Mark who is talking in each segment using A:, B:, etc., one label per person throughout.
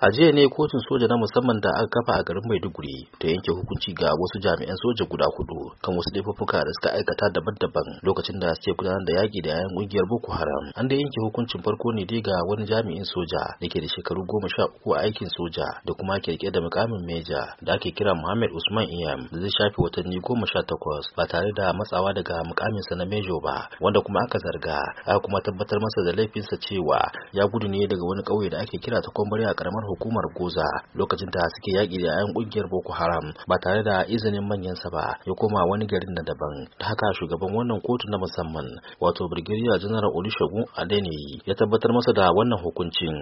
A: a jiya ne kotun soja na musamman da aka kafa a garin maiduguri ta yanke hukunci ga wasu jami'an soja guda hudu kan wasu laifuffuka da suka aikata daban-daban lokacin da suke gudanar da yaki da yayan kungiyar boko haram an da yanke hukuncin farko ne dai ga wani jami'in soja da ke da shekaru goma sha uku a aikin soja da kuma kirke da mukamin meja da ake kira muhammad usman iyam da zai shafe watanni goma sha takwas ba tare da matsawa daga mukaminsa na mejo ba wanda kuma aka zarga aka kuma tabbatar masa da laifinsa cewa ya gudu ne daga wani ƙauye da ake kira ta kwambare a ƙaramar hukumar Goza lokacin da suke yaƙi da 'yan ƙungiyar boko haram ba tare da izinin manyansa ba ya koma wani garin na daban ta haka shugaban wannan kotu na musamman wato brigadier general olusegun adeniyi ya tabbatar masa da wannan hukuncin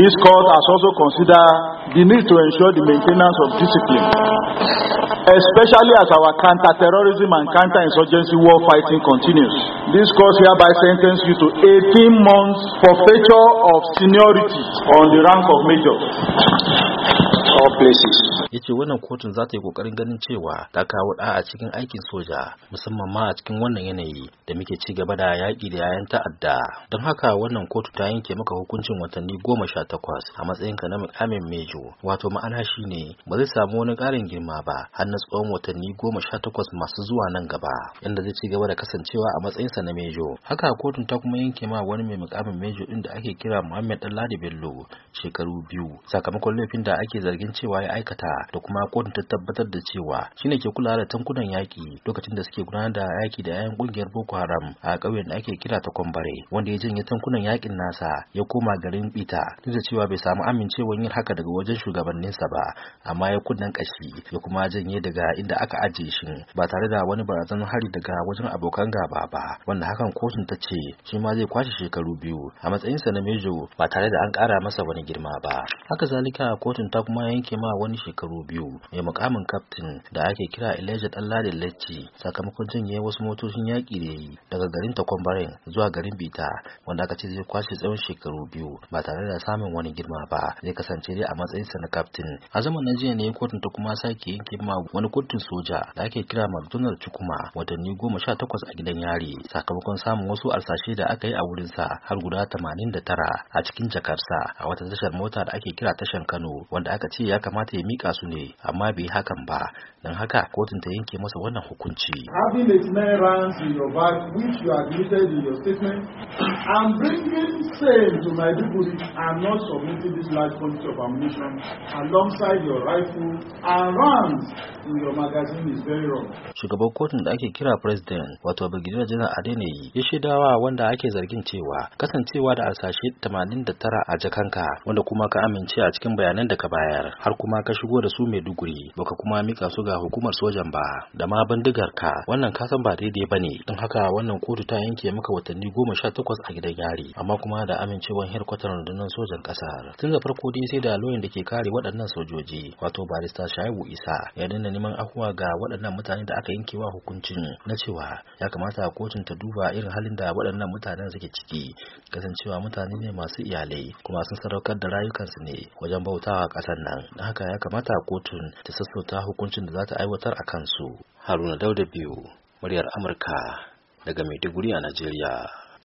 A: this court has
B: also considered the need to ensure the maintenance of discipline especially as our counter-terrorism and counter-insurgency war fighting continues This course hereby sentence you to 18 months forfeiture of seniority on the rank of major.
A: All places. ya ce wannan kotun za ta yi kokarin ganin cewa ta kawo da a cikin aikin soja musamman ma a cikin wannan yanayi da muke ci gaba da yaƙi da yayan ta'adda don haka wannan kotu ta yanke maka hukuncin watanni goma sha takwas a matsayinka na mukamin mejo wato ma'ana shine ba zai samu wani ƙarin girma ba har na tsawon watanni goma sha takwas masu zuwa nan gaba inda zai ci gaba da kasancewa a matsayinsa na mejo haka kotun ta kuma yanke ma wani mai mukamin mejo din da ake kira muhammad dan bello shekaru biyu sakamakon laifin da ake zargin cewa ya aikata da kuma kotun ta tabbatar da cewa shi ne ke kula da tankunan yaki lokacin da suke gudanar da yaki da yayan ƙungiyar Boko Haram a ƙauyen da ake kira ta Kwambare wanda ya janye tankunan yakin nasa ya koma garin Bita duk da cewa bai samu amincewar yin haka daga wajen shugabanninsa ba amma ya kunnen kashi ya kuma janye daga inda aka ajiye shi ba tare da wani barazanar hari daga wajen abokan gaba ba wanda hakan kotun ta ce shi ma zai kwashe shekaru biyu a matsayinsa na mejo ba tare da an ƙara masa wani girma ba haka zalika kotun ta kuma yanke ma wani shekaru shekaru biyu mai mukamin kaftin da ake kira Elijah Ɗanladi Lecce sakamakon janye wasu motocin yaki da yi daga garin Takwambarin zuwa garin Bita wanda aka ce zai kwashe tsawon shekaru biyu ba tare da samun wani girma ba zai kasance dai a matsayinsa na kaftin. A zaman na jiya ne kotun ta kuma sake yanke ma wani kotun soja da ake kira Mardunar Cukuma watanni goma sha takwas a gidan yari sakamakon samun wasu alsashe da aka yi a wurin sa har guda tamanin da tara a cikin jakarsa a wata tashar mota da ake kira tashar Kano wanda aka ce ya kamata ya mika su ne amma bai hakan ba don haka kotun ta yanke masa wannan hukunci. Shugaban kotun da ake kira president wato Brigadier General Adeniyi ya shaidawa wanda ake zargin cewa kasancewa da alsashe 89 a jakanka wanda kuma ka amince a cikin bayanan da ka bayar har kuma ka shigo da su Maiduguri baka kuma mika su ga hukumar sojan ba da ma bindigar ka wannan ka san ba daidai bane don haka wannan kotu ta yanke maka watanni goma sha takwas a gidan yari amma kuma da amincewar herkwatar rundunar sojan kasar tun da farko dai sai da lauyan da ke kare waɗannan sojoji wato barista Shaibu Isa ya danna neman afuwa ga waɗannan mutane da aka yanke wa hukuncin na cewa ya kamata kotun ta duba irin halin da waɗannan mutanen suke ciki kasancewa mutane ne masu iyalai kuma sun sadaukar da rayukansu ne wajen bautawa ƙasar nan haka ya kamata kara kotun ta sassauta hukuncin da za ta aiwatar a kansu haruna dauda biyu muryar amurka daga maiduguri a najeriya